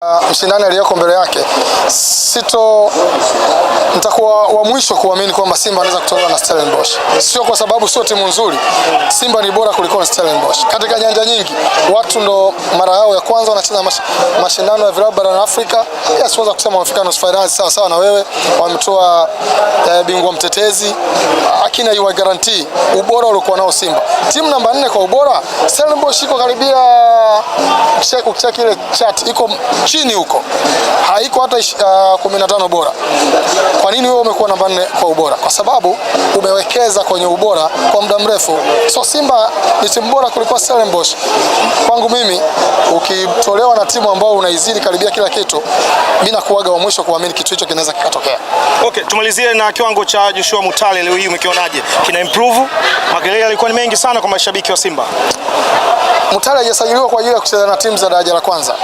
uh, mshindani aliyoko mbele yake, sito nitakuwa wa mwisho kuamini kwamba Simba anaweza kutolewa na Stellenbosch. Sio kwa sababu sio timu nzuri, Simba ni bora kuliko Stellenbosch katika nyanja nyingi. Watu ndo mara yao ya kwanza wanacheza mash, mashindano ya vilabu barani Afrika. Yes, waweza kusema wamefika nusu finali, sawa sawa na wewe, wametoa eh, bingwa mtetezi, akina yu guarantee ubora uliokuwa nao Simba. Timu namba nne kwa ubora, Stellenbosch iko karibia, check check ile chat iko chini huko, haiko hata uh, 15 ah, bora. Kwa nini wewe umekuwa namba nne kwa ubora? Kwa sababu umewekeza kwenye ubora kwa muda mrefu. So Simba ni timu bora kuliko Stellenbosch. Kwangu mimi, ukitolewa na timu ambayo unaizidi karibia kila kitu, mimi nakuaga wa mwisho kuamini kitu hicho kinaweza kikatokea. Okay, tumalizie na kiwango cha Joshua Mutale leo hii umekionaje? Kina improve? Makelele yalikuwa ni mengi sana kwa mashabiki wa Simba. Mutale hajasajiliwa kwa ajili ya kucheza na timu za daraja la kwanza.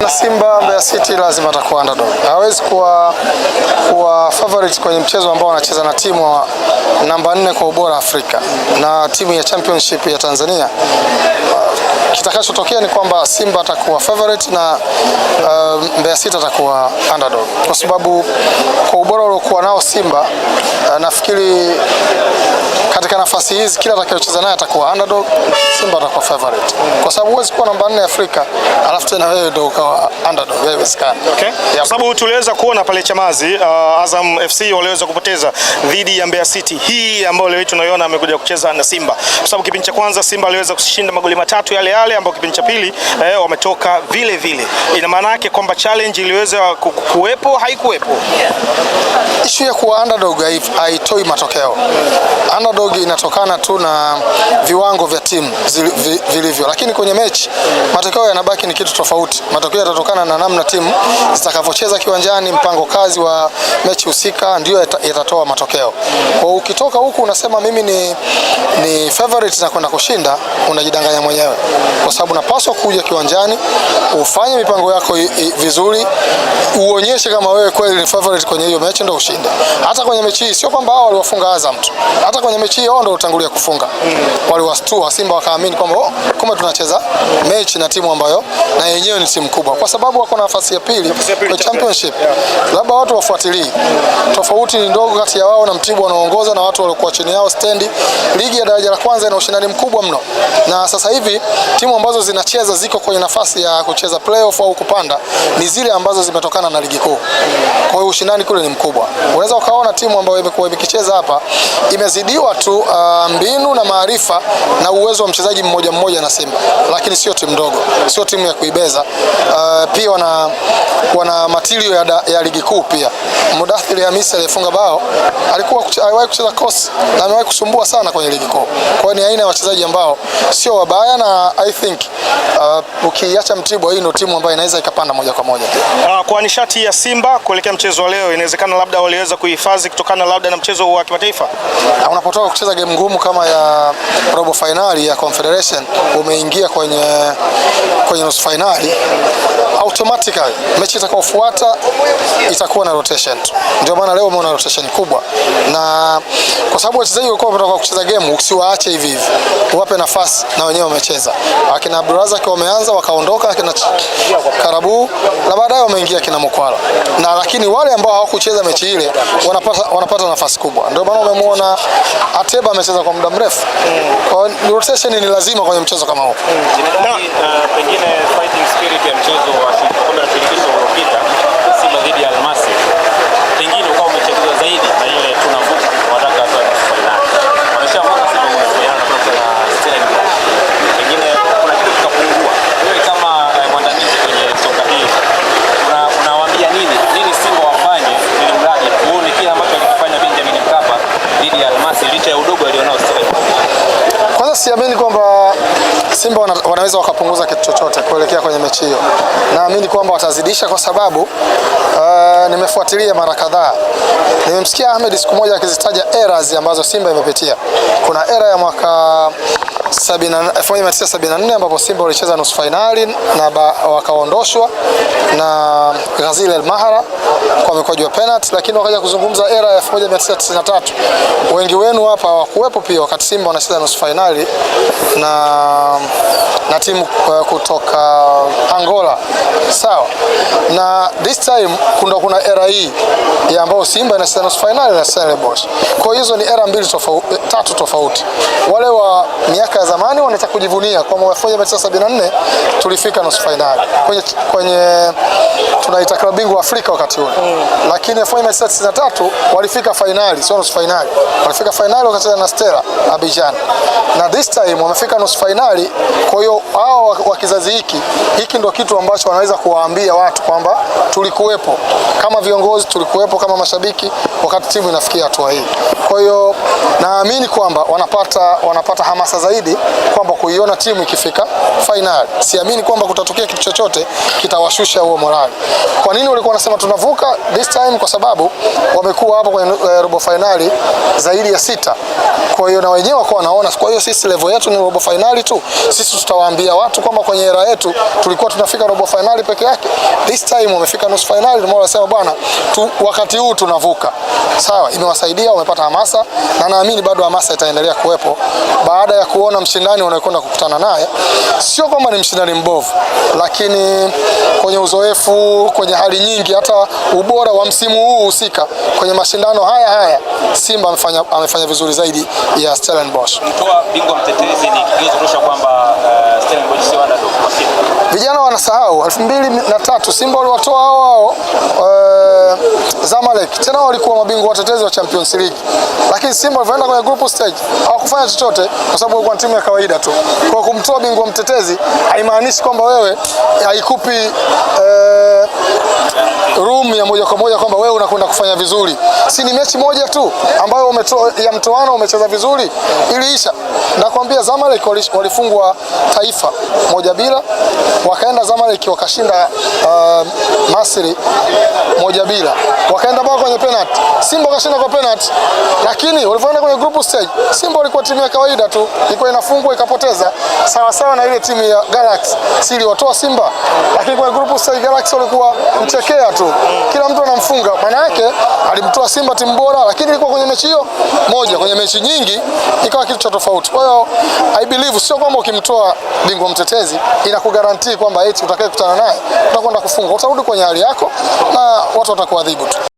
Na Simba Simba Mbeya City lazima atakuwa underdog, hawezi kuwa kuwa favorite kwenye mchezo ambao wanacheza na timu namba nne kwa ubora Afrika na timu ya championship ya Tanzania. Uh, kitakachotokea ni kwamba Simba atakuwa favorite na uh, Mbeya City atakuwa underdog, kwa sababu kwa ubora uliokuwa nao Simba uh, nafikiri katika nafasi hizi kila atakayocheza naye atakuwa underdog, Simba atakuwa favorite kwa sababu huwezi kuwa namba 4 Afrika alafu tena wewe ndio ukawa underdog, haiwezekani. Okay. Kwa sababu tuliweza kuona pale Chamazi, uh, Azam FC waliweza kupoteza dhidi ya Mbeya City, hii ambayo leo tunaiona amekuja kucheza na Simba, kwa sababu kipindi cha kwanza Simba aliweza kushinda magoli matatu yale yale, ambayo kipindi cha pili eh, wametoka vile vile. Ina maana yake kwamba challenge iliweza kuwepo, haikuwepo. Yeah. Issue ya kuwa underdog haitoi matokeo underdog dogi inatokana tu na viwango vya timu vilivyo, lakini kwenye mechi matokeo yanabaki ni kitu tofauti. Matokeo yatatokana na namna timu zitakavyocheza kiwanjani, mpango kazi wa mechi husika ndio yatatoa matokeo. Kwa ukitoka huku unasema mimi ni, ni favorite na kwenda kushinda, unajidanganya mwenyewe, kwa sababu napaswa kuja kiwanjani ufanye mipango yako i, i, vizuri, uonyeshe kama wewe kweli ni favorite kwenye hiyo mechi ndio ushinde. Hata kwenye mechi hii sio kwamba hao waliwafunga Azam tu, hata kwenye mechi mechi hiyo ndio utangulia kufunga. Mm. Wale Waliwastua Simba wakaamini kwamba oh, kumbe tunacheza mm. mechi na timu ambayo na yenyewe ni timu kubwa, kwa sababu wako na nafasi ya pili kwa championship. Yeah. Labda watu wafuatilie, Mm. tofauti ni ndogo kati ya wao na Mtibwa wanaoongoza na watu waliokuwa chini yao stendi. Ligi ya daraja la kwanza ina ushindani mkubwa mno, na sasa hivi timu ambazo zinacheza ziko kwenye nafasi ya kucheza playoff au kupanda ni zile ambazo zimetokana na ligi kuu. Kwa hiyo ushindani kule ni mkubwa. Unaweza ukaona timu ambayo imekuwa imekicheza hapa imezidiwa tu uh, mbinu na maarifa na uwezo wa mchezaji mmoja mmoja na Simba, lakini sio timu ndogo, sio timu ya kuibeza. Uh, pia wana, wana matirio ya, ya ligi kuu pia. Mudathiri Hamisi aliyefunga bao alikuwa aliwahi kucheza cross na amewahi kusumbua sana kwenye ligi kuu. Kwa hiyo ni aina ya wachezaji ambao sio wabaya na I think uh, ukiacha Mtibwa, hii ndio timu ambayo inaweza ikapanda moja kwa moja. Uh, kwa nishati ya Simba kuelekea mchezo wa leo, inawezekana labda waliweza kuhifadhi kutokana labda na mchezo wa kimataifa unapotoka kucheza game ngumu kama ya robo finali ya Confederation, umeingia kwenye kwenye nusu finali, automatically mechi itakayofuata itakuwa na rotation. Ndio maana leo umeona rotation kubwa, na kwa sababu wachezaji walikuwa wanataka kucheza game, usiwaache hivi hivi, uwape nafasi na wenyewe wamecheza. Akina Abdurazak wameanza wakaondoka, akina Karabu na baadaye wameingia akina Mkwala, na lakini wale ambao hawakucheza mechi ile wanapata, wanapata nafasi kubwa, ndio maana umemwona Ateba amecheza kwa muda mrefu mm. Kwa rotation ni lazima kwenye mchezo kama huu mm. No. Uh, pengine fighting spirit ya mchezo wa shirikisho uliopita Simba dhidi ya Almasi siamini kwamba Simba wana, wanaweza wakapunguza kitu chochote kuelekea kwenye mechi hiyo. Naamini kwamba watazidisha kwa sababu uh, nimefuatilia mara kadhaa. Nimemsikia Ahmed siku moja akizitaja eras ambazo Simba imepitia. Kuna era ya mwaka 1974 ambapo Simba walicheza nusu fainali na wakaondoshwa na Ghazil El Mahara kwa mikojo ya penalty, lakini wakaja kuzungumza era ya 1993. Wengi wenu hapa hawakuwepo pia wakati Simba wanacheza nusu fainali na na timu eh, kutoka Angola. Sawa. Na this time kuna kuna era hii ya ambayo Simba inacheza nusu finali na Stellenbosch. Kwa hiyo hizo ni era mbili tofauti, eh, tatu tofauti. Wale wa miaka ya zamani wanataka kujivunia kwa mwaka 1974 tulifika nusu final kwenye kwenye tunaitakiwa bingwa Afrika wakati ule mm. Lakini 1993 walifika finali, sio nusu finali, walifika finali wakacheza na Stella Abidjan, na this time wamefika nusu finali. Kwa hiyo hao wa kizazi hiki hiki ndio kitu ambacho wanaweza kuwaambia watu kwamba tulikuwepo kama viongozi, tulikuwepo kama mashabiki wakati timu inafikia hatua hii. Kwa hiyo naamini kwamba wanapata wanapata hamasa zaidi kwamba kuiona timu ikifika finali. Siamini kwamba kutatokea kitu chochote kitawashusha huo morali. Kwa nini walikuwa wanasema tunavuka this time? Kwa sababu wamekuwa hapo kwenye uh, robo finali zaidi ya sita, kwa hiyo na wenyewe wako wanaona. Kwa hiyo sisi level yetu ni robo finali tu, sisi tutawaambia watu kwamba kwenye era yetu tulikuwa tunafika robo finali peke yake, this time wamefika nusu finali. Ndio maana wanasema bwana tu, wakati huu tunavuka. Sawa, imewasaidia wamepata hamasa, na naamini bado hamasa itaendelea kuwepo baada ya kuona mshindani wanaokwenda kukutana naye, sio kwamba ni mshindani mbovu, lakini kwenye uzoefu, kwenye hali nyingi, hata ubora wa msimu huu husika kwenye mashindano haya haya, Simba amefanya, amefanya vizuri zaidi ya Stellenbosch. Mtoa bingwa mtetezi ni kigezo tosha kwamba uh, Stellenbosch vijana wanasahau elfu mbili na tatu Simba waliwatoa hao hao e, Zamalek, tena walikuwa mabingwa watetezi wa Champions League, lakini Simba walivyoenda kwenye group stage hawakufanya chochote, kwa sababu walikuwa timu ya kawaida tu. Kwa kumtoa bingwa mtetezi haimaanishi kwamba wewe haikupi eh, room ya moja kwa moja kwamba wewe unakwenda kufanya vizuri. Si ni mechi moja tu ambayo umetoa ya mtoano umecheza vizuri iliisha. Nakwambia Zamalek walifungwa Taifa moja bila wakaenda Zamalek wakashinda uh, Masri moja bila, wakaenda bao kwenye penalty, Simba wakashinda kwa penalty. Lakini walipoenda kwenye group stage, Simba walikuwa timu ya kawaida tu, ilikuwa inafungwa ikapoteza, sawa sawa na ile timu ya Galaxy, si iliwatoa Simba. Lakini kwenye group stage Galaxy walikuwa mchekea tu, kila mtu anamfunga. Maana yake alimtoa Simba timu bora, lakini ilikuwa kwenye mechi hiyo moja, kwenye mechi nyingi ikawa kitu cha tofauti. Kwa hiyo I believe sio kwamba ukimtoa bingwa mtetezi inakugarantia kwamba eti utakaye kutana naye utakwenda kufungwa, utarudi kwenye hali yako na watu watakuadhibu tu.